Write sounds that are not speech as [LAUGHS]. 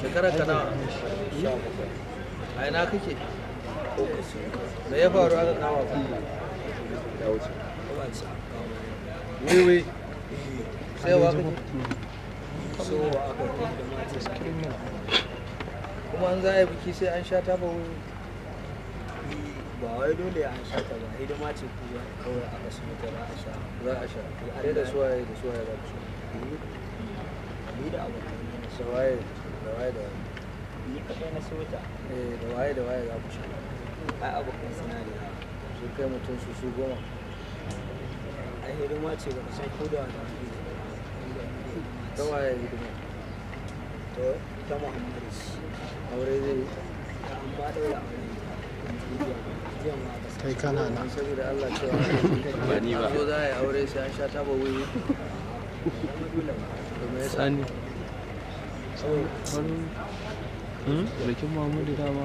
shekara ka nawa a ina kake da ya faru aka kama ka ya wuce wewe sai wa kake so da mata kuma an za a yi biki sai an sha taba wuri ba wai dole an sha ta ba hidima ce ku kawai aka su a sha za a sha a da suwaye da suwaye za ku da waye da waye da ni na eh da waye da waye za ku a abokan sinari su kai mutum su su goma a hidima ce ba san ko da wani ta waye hidima to ta aure zai aure kai kana na saboda Allah cewa [LAUGHS] ba ni ba so za a yi aure sai an sha taba wuri sani saboda wani rikin hmm? dama